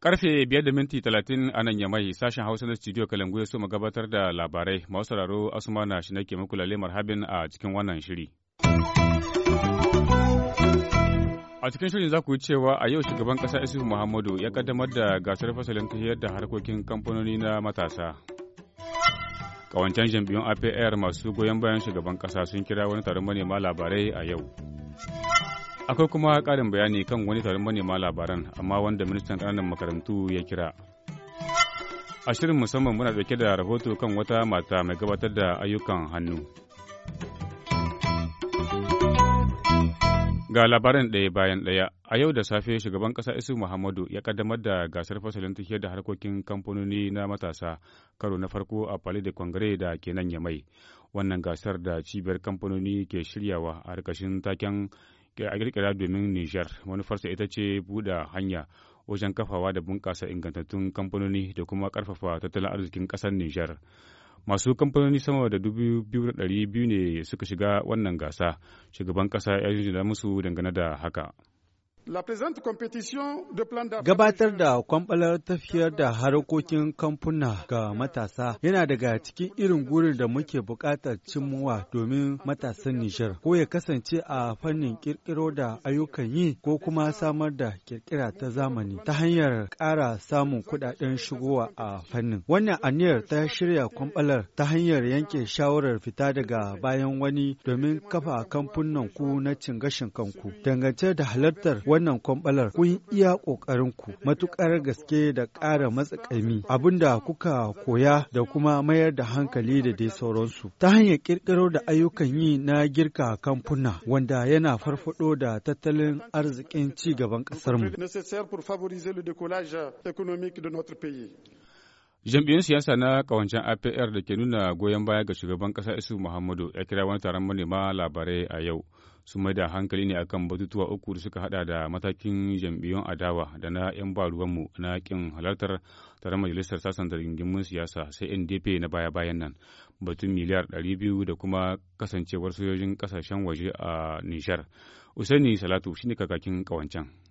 Karfe biyar da minti talatin a nan yamai sashen Hausa na studio Kalangu ya so mu gabatar da labarai. Masu sauraro na shi nake muku lalle marhabin a cikin wannan shiri. A cikin shirin za ku yi cewa a yau shugaban ƙasa Isufu Muhammadu ya kaddamar da gasar fasalin tahiyar da harkokin kamfanoni na matasa. Kawancan jam'iyyun APR masu goyon bayan shugaban ƙasa sun kira wani taron manema labarai a yau. Akwai kuma ƙarin bayani kan wani taron manema labaran amma wanda ministan ƙananan makarantu ya kira. A shirin musamman muna ɗauke da rahoto kan wata mata mai gabatar da ayyukan hannu. Ga labarin ɗaya bayan ɗaya, a yau da safe shugaban ƙasa Isu Muhammadu ya kaddamar da gasar fasalin tafiyar da harkokin kamfanoni na matasa karo na farko a Pali da Kongare da kenan nan mai Wannan gasar da cibiyar kamfanoni ke shiryawa a harkashin taken a ƙirƙira domin Nijar, manufarsa ita ce buɗe hanya wajen kafawa da bunƙasa ingantattun kamfanoni da kuma ƙarfafa tattalin arzikin ƙasar Nijar. masu kamfanoni sama da biyu ne suka shiga wannan gasa shugaban kasa ya jinjina musu dangane da haka. Gabatar da kwamɓalar tafiyar da harkokin kamfuna ga matasa yana daga cikin irin gurin da muke buƙatar cimmuwa domin matasan Nijar, ko ya kasance a fannin ƙirƙiro da ayyukan yi ko kuma samar da ƙirƙira ta zamani ta hanyar ƙara samun kuɗaɗen shigowa a fannin. Wannan aniyar ta shirya kwamɓalar ta hanyar yanke shawarar fita daga bayan wani domin kafa kamfunan ku na cin gashin kanku, dangance da halartar wannan kwambalar kun iya ƙoƙarinku matuƙar gaske da ƙara matsakaimi abinda kuka koya da kuma mayar da hankali da dai sauransu ta hanyar ƙirƙiro da ayyukan yi na girka kamfuna wanda yana farfado da tattalin arzikin ci gaban ƙasarmu. Jam'iyyun siyasa na kawancen APR da ke nuna goyon baya ga shugaban ƙasa Isu Muhammadu ya kira wani taron manema labarai a yau. su mai da hankali ne akan batutuwa uku da suka hada da matakin jam'iyyun adawa da na 'yan ba ruwanmu na kin halartar taron majalisar da rigingimin siyasa sai NDP na baya-bayan nan batun miliyar 200 da kuma kasancewar sojojin kasashen waje a Nishar. Usaini Salatu shine kakakin kawancen.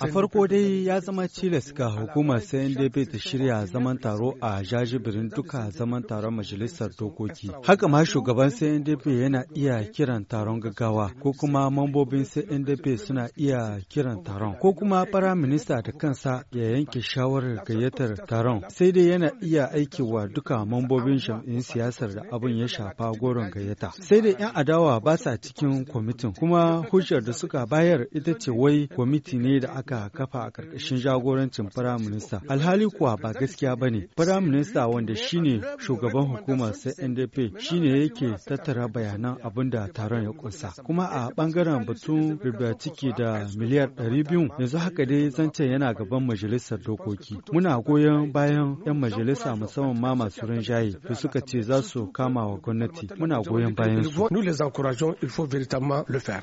A farko dai ya zama cilas ga hukumar CNDP ta shirya zaman taro a jajibirin duka zaman taron majalisar dokoki. Haka ma shugaban CNDP yana iya kiran taron gaggawa ko kuma mambobin CNDP suna iya kiran taron ko kuma fara minista da kansa ya yanke shawarar gayyatar taron sai dai yana iya aiki wa duka mambobin jam'in siyasar da abin ya shafa goron gayyata. Sai dai 'yan adawa ba sa cikin kwamitin kuma hujjar da suka bayar ita ce wai kwamiti ne da aka kafa a ƙarƙashin jagorancin firaminista. Alhali kuwa ba gaskiya ba ne. Firaminista wanda shine shugaban hukumar CNDP shine yake tattara bayanan abin da taron ya kunsa. Kuma a ɓangaren batun ciki da miliyar ɗari biyu yanzu haka dai zancen yana gaban majalisar dokoki. Muna goyon bayan 'yan majalisa musamman ma masu rinjaye da suka ce za su kama wa gwamnati. Muna goyon bayan su. Nous les encourageons, il faut véritablement le faire.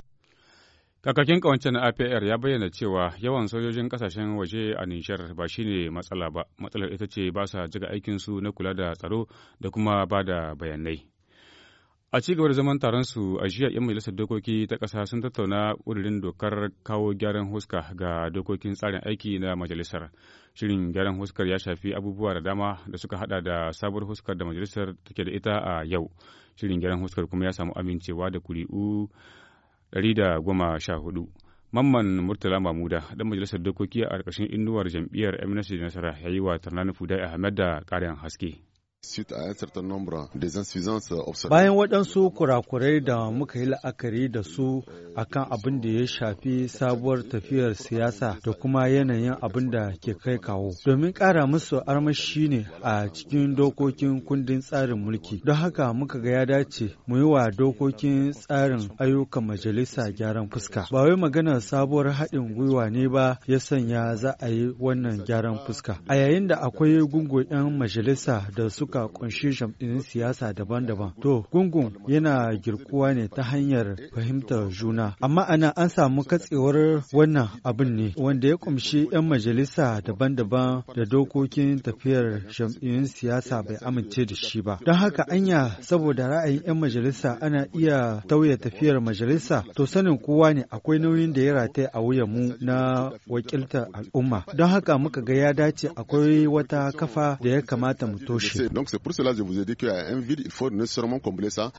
Kakakin kawance na APR ya bayyana cewa yawan sojojin kasashen waje a Nishar ba shi ne matsala ba, matsalar ita ce ba sa jiga aikinsu na kula da tsaro da kuma ba da bayanai. A ci gaba da zaman taron su a jiya 'yan majalisar dokoki ta ƙasa sun tattauna ƙudurin dokar kawo gyaran huska ga dokokin tsarin aiki na majalisar. Shirin gyaran huskar ya shafi abubuwa da dama da suka hada da sabuwar huskar da majalisar take da ita a yau. Shirin gyaran huskar kuma ya samu amincewa da kuri'u 114. Mamman Murtala Mamuda, dan majalisar dokoki a ƙarƙashin inuwar jam'iyyar MNC Nasara ya yi wa tarnanin Fudai Ahmed da ƙarin haske. Bayan waɗansu kurakurai da muka yi la'akari da su akan abin da ya shafi sabuwar tafiyar siyasa da kuma yanayin abin da ke kai kawo. Domin ƙara musu armashi ne a cikin dokokin kundin tsarin mulki. Don haka muka ga ya dace mu yi wa dokokin tsarin ayyukan majalisa gyaran fuska. Ba wai magana sabuwar haɗin gwiwa ne ba ya sanya za a yi wannan gyaran fuska. A yayin da akwai gungun 'yan majalisa da suka suka kunshi jam'in siyasa daban-daban. To, gungun yana girkuwa ne ta hanyar fahimtar juna. Amma ana an samu katsewar wannan abin ne, wanda ya kumshi 'yan majalisa daban-daban da dokokin tafiyar jam'iyyun siyasa bai amince da shi ba. Don haka anya saboda ra'ayin 'yan majalisa ana iya tauye tafiyar majalisa, to sanin kowa ne akwai nauyin da ya rataya a wuyan mu na wakiltar al'umma. Don haka muka ga ya dace akwai wata kafa da ya kamata mu toshe. Donc c'est pour cela que je vous ai dit qu'il y a un vide, il faut nécessairement combler ça.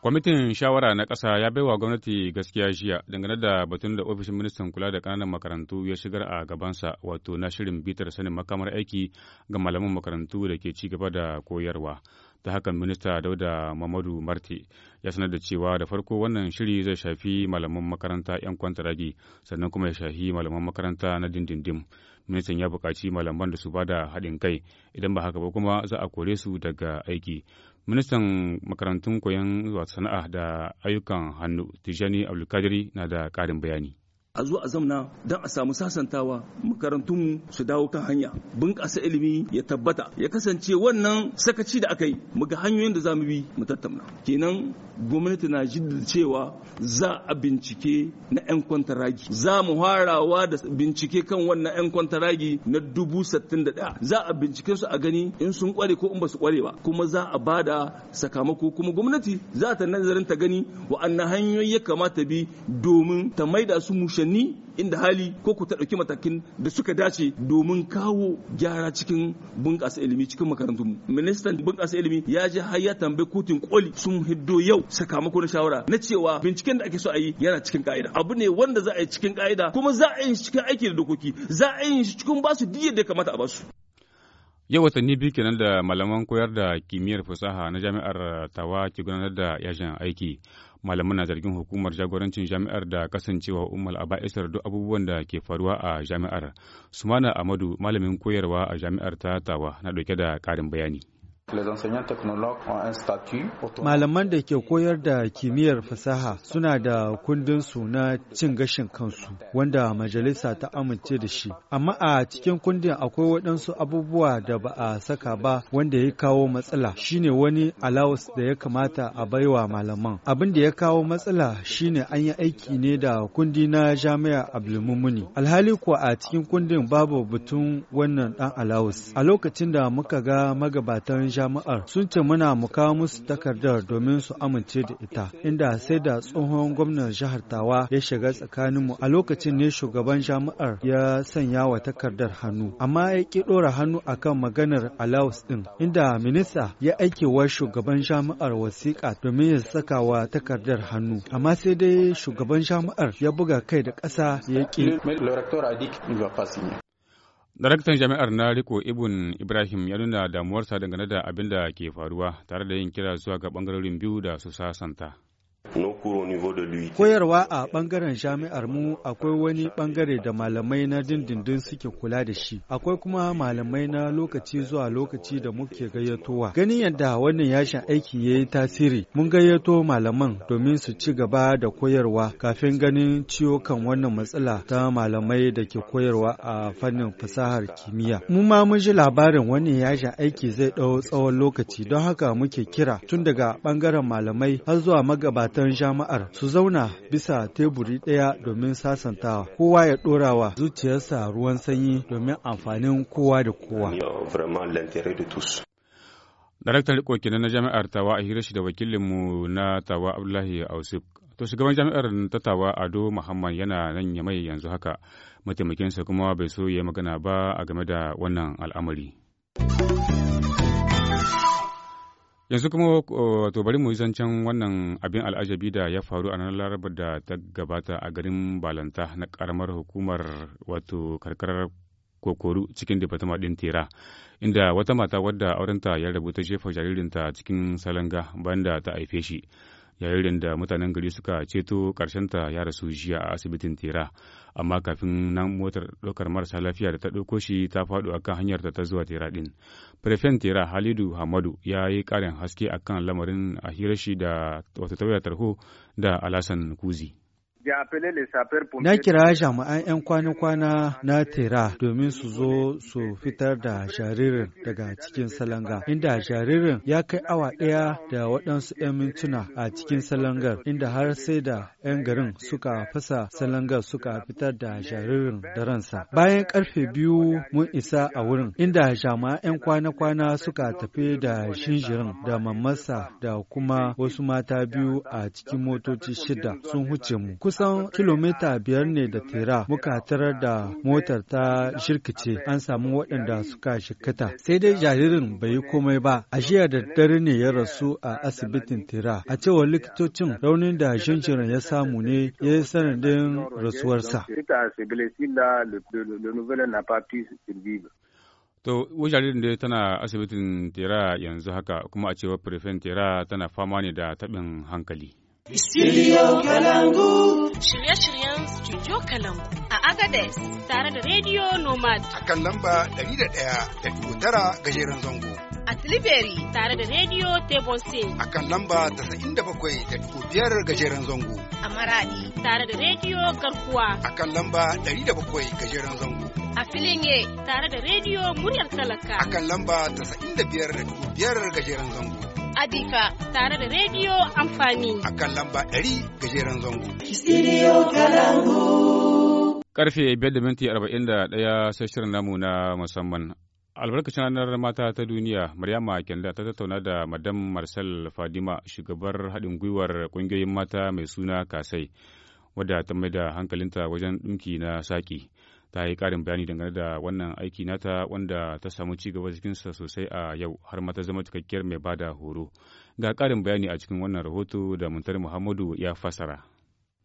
Kwamitin shawara na ƙasa ya baiwa gwamnati gaskiya jiya dangane da batun da ofishin ministan kula da ƙananan makarantu ya shigar a gabansa wato na shirin bitar sanin makamar aiki ga malaman makarantu da ke ci gaba da koyarwa. ta hakan minista dauda mamadu marti ya sanar da cewa da farko wannan shiri zai shafi malaman makaranta 'yan kwantaragi sannan kuma ya shafi malaman makaranta na dindindim ministan ya buƙaci malaman da su da haɗin kai idan ba haka ba kuma za a kore su daga aiki ministan makarantun koyon sana'a da ayyukan hannu tijani abdulkadiri na da ƙarin bayani a zo a zamna don a samu sasantawa makarantun su dawo kan hanya bunƙasa ilimi ya tabbata ya kasance wannan sakaci da aka yi muga hanyoyin da za mu bi mu tattauna kenan gwamnati na jidda cewa za a bincike na 'yan kwantaragi za mu harawa da bincike kan wannan 'yan kwantaragi na dubu sittin da ɗaya za a bincike su a gani in sun kware ko in ba su kware ba kuma za a ba da sakamako kuma gwamnati za ta nazarin ta gani wa'annan hanyoyi ya kamata bi domin ta maida su mushe wasanni inda hali ko ku ta ɗauki matakin da suka dace domin kawo gyara cikin bunƙasa ilimi cikin makarantunmu. Ministan bunƙasa ilimi ya ji har ya tambayi kotun koli sun hiddo yau sakamako na shawara na cewa binciken da ake so a yi yana cikin ka'ida. Abu ne wanda za a yi cikin ka'ida kuma za a yi shi cikin aiki da dokoki za a yi shi cikin basu diyyar da kamata a basu. Yau watanni biyu kenan da malaman koyar da kimiyyar fasaha na jami'ar Tawa ke gudanar da yashin aiki. malaman na zargin hukumar jagorancin jami'ar da kasancewa ummal a ba'isar duk abubuwan da ke faruwa a jami'ar sumana amadu malamin koyarwa a jami'ar ta tawa na dauke da karin bayani Malaman da ke koyar da kimiyyar fasaha suna da kundinsu na cin gashin kansu wanda majalisa ta amince da shi. Amma a cikin kundin akwai waɗansu abubuwa da ba a saka ba wanda ya kawo matsala shine wani alawus da ya kamata a baiwa malaman. Abin da ya kawo matsala shine an yi aiki ne da kundi na jami'a Abdulmumuni. Alhali kuwa a cikin kundin babu batun wannan ɗan alawus. A lokacin da muka ga magabatan jami'ar sun ce muna mu kawo musu takardar domin su amince da ita inda sai da tsohon gwamnan jihar tawa ya shiga tsakaninmu a lokacin ne shugaban jami'ar ya sanya wa takardar hannu amma ya ki ɗora hannu akan maganar allowance ɗin inda minista ya aike wa shugaban jami'ar wasiƙa domin ya saka wa takardar hannu amma sai dai shugaban jami'ar ya buga kai da ƙasa ya ki. Daraktan jami'ar na Riko Ibn Ibrahim ya nuna damuwarsa dangane da abin da ke faruwa tare da yin kira zuwa ga ɓangarorin biyu da su sasanta. Koyarwa a ɓangaren jami'ar mu akwai wani ɓangare da malamai na dindindin suke kula da shi. Akwai kuma malamai na lokaci zuwa lokaci da muke gayyatowa. Ganin yadda wannan yashin aiki ya yi tasiri, mun gayyato malaman domin su ci gaba da koyarwa kafin ganin ciwo kan wannan matsala ta malamai da ke koyarwa a fannin fasahar kimiyya. Mu ma mun ji labarin wannan yashin aiki zai ɗau tsawon lokaci don haka muke kira tun daga ɓangaren malamai har zuwa magabata mahalartan jama'ar su zauna bisa teburi ɗaya domin sasanta kowa ya ɗorawa zuciyarsa ruwan sanyi domin amfanin kowa da kowa. Daraktan riko na jami'ar Tawa a hira shi da wakilinmu na Tawa Abdullahi Ausif. To shugaban jami'ar ta Tawa Ado Muhammad yana nan ya mai yanzu haka mataimakinsa kuma bai so ya magana ba a game da wannan al'amari. yanzu kuma wato bari mu yi zancen wannan abin al'ajabi da ya faru a nan larabar da ta gabata a garin balanta na karamar hukumar wato karkarar kokoru cikin departama din tera inda wata mata wadda aurenta ya rabu ta jefa jaririnta cikin salanga bayan da ta haife shi yayin da mutanen gari suka ceto karshen ta ya rasu jiya a asibitin tera amma kafin nan motar ɗaukar marasa lafiya da ta ɗauko shi ta faɗo akan hanyar ta zuwa tera ɗin prefen tera halidu hamadu ya yi ƙarin haske akan lamarin a hirashi da wata tarho da alasan kuzi. Na kira jami'an 'yan kwana-kwana na tera domin su zo su fitar da jaririn daga cikin salanga, inda jaririn ya kai awa ɗaya da waɗansu 'yan mintuna a cikin salangar, inda har sai da 'yan garin suka fasa salangar suka fitar da jaririn da ransa. Bayan karfe biyu mun isa a wurin, inda jami'an 'yan kwana-kwana suka tafi da shinjirin da mamasa da kuma wasu mata biyu a cikin motoci shida sun huce mu. Kusa kusan kilomita biyar ne da tera muka tarar da motar ta shirkice an samu waɗanda suka shirkata. Sai dai jaririn bai yi komai ba. A jiya da dare ne ya rasu a asibitin tera. A cewar likitocin raunin da jinjirin ya samu ne ya yi sanadin rasuwarsa. To, jaririn dai tana asibitin tera yanzu haka kuma a cewa prefen tera tana fama ne da taɓin hankali. Studio Kalangu. Shirye-shiryen Studio Kalangu. A Agadez, tare da Radio Nomad. A kan lamba 101.9 gajeren zango. A Tilibiri tare da Radio Tebonse. A kan lamba 97.5 gajeren zango. A Maradi tare da Radio Garkuwa. A kan lamba 107 gajeren zango. A Filinge tare da Radio Muryar Talaka. A kan lamba 95.5 gajeren zango. adika tare da rediyo amfani. A kan lamba 100 gajeren zango. Studio Kalangu. Karfe 5.41 sai shirin namu na musamman. Albarkacin ranar mata ta duniya, Maryama Kenda ta tattauna da Madam Marcel Fadima, shugabar haɗin gwiwar ƙungiyoyin mata mai suna Kasai, wadda ta mai da hankalinta wajen ɗinki na saƙi. ta yi ƙarin bayani dangane da wannan aiki nata wanda ta samu ci gaba cikinsa sosai a yau har ma ta zama cikakkiyar mai bada horo ga ƙarin bayani a cikin wannan rahoto da muntar muhammadu ya fasara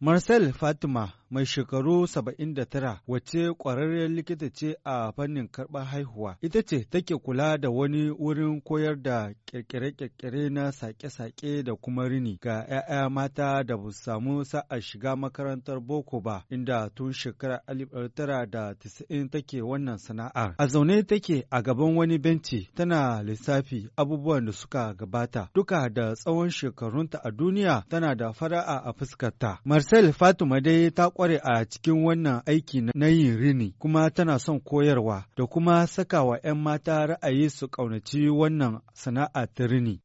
marcel fatima mai shekaru 79 wace kwararriyar likita ce a fannin karɓar haihuwa. Ita ce take kula da wani wurin koyar da ƙirƙire-ƙirƙire na sake-sake da kuma rini ga 'ya'ya mata da ba samu sa'a shiga makarantar boko ba, inda tun shekarar 1990 take wannan sana'ar. A zaune take a gaban wani benci tana lissafi abubuwan da suka gabata duka da tsawon shekarunta a duniya tana da fara'a a fuskarta. Marcel Fatima dai ta ƙware a cikin wannan aiki na yin rini kuma tana son koyarwa da kuma saka wa 'yan mata ra'ayi su ƙaunaci wannan sana'a ta rini.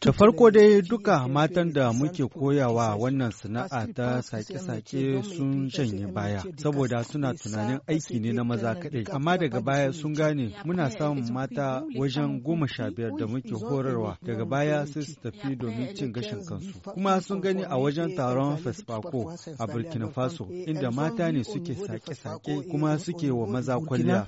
Da farko dai duka matan da muke koyawa wannan sana'a ta sake-sake sun shanye baya saboda suna tunanin aiki ne na maza kaɗai. Amma daga baya sun gane muna samun mata wajen goma sha biyar da muke horarwa daga baya sai su tafi domin cin gashin kansu. Kuma sun gani a wajen taron Fesfako a Burkina Faso Eh, inda mata ne suke sake-sake kuma suke wa maza kwalliya.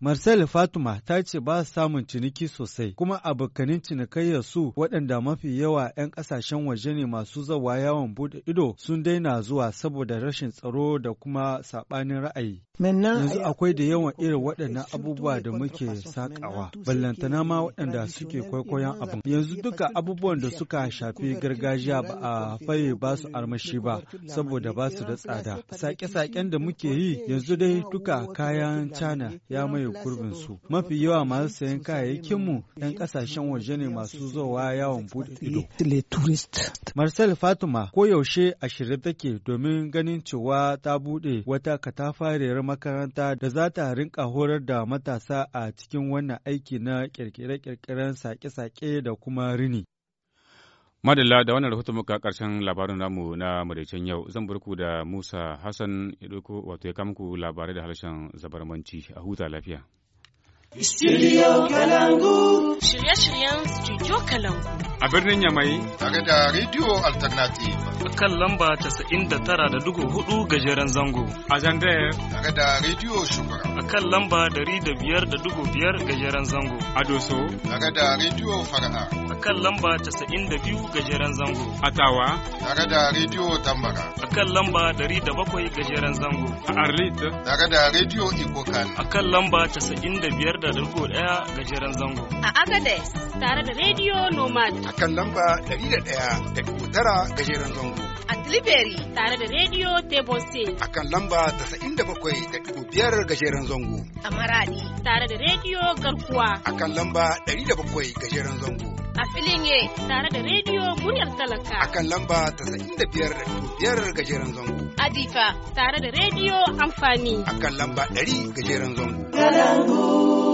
Marcel Fatima ta ce ba samun ciniki sosai, kuma abokanin cinikayyar su waɗanda mafi yawa 'yan ƙasashen waje ne masu zawa yawon buɗe ido sun daina zuwa saboda rashin tsaro da kuma saɓanin ra'ayi. Yanzu akwai da yawan irin waɗannan abubuwa da muke sakawa, ballantana ma waɗanda suke kwaikwayon abin. Yanzu duka abubuwan da suka shafi gargajiya ba a faye ba su arma makamashi ba saboda ba su da tsada. Sake-saken da muke yi yanzu dai duka kayan China ya maye gurbin su. Mafi yawa masu sayan mu 'yan kasashen waje ne masu zowa yawon bude ido. Marcel Fatima koyaushe a shirye take domin ganin cewa ta bude wata katafariyar makaranta da za ta rinka horar da matasa a cikin wannan aiki na kirkire-kirkiren sake-sake da kuma rini. Madalla da wannan rahoton muka karshen labarin namu na maraicen yau zan barku da Musa Hassan ya wato ya kamku labarai da harshen zabarmanci a huta lafiya. Studio Kalangu. Shirye-shiryen Studio Kalangu. A birnin Yamai. Tare da Radio Alternative. A kan lamba 99.4 gajeren zango. A Zandaya. Tare da Radio Shugura. A kan lamba 105.5 gajeren zango. A Doso. Tare da Radio Fara'a. A kan lamba 92 gajeren zango. A Tawa. Tare da Radio Tambara. A kan lamba 107 gajeren zango. A Arlit. Tare da Radio Ikokan. A kan lamba 95 da riko ɗaya gajeren zango. A Agadez tare da Radio Nomad. A kan lamba 101 da tara gajeren zango. A Tilibiri tare da Radio Tebose. A kan lamba 97 da biyar gajeren zango. A Maradi tare da Radio Garkuwa. A kan lamba 107 gajeren zango. a filin ye tare da rediyo muryar talaka a kan lamba ta da biyar biyar gajeren zango Difa tare da rediyo amfani a kan lamba ɗari gajeren zango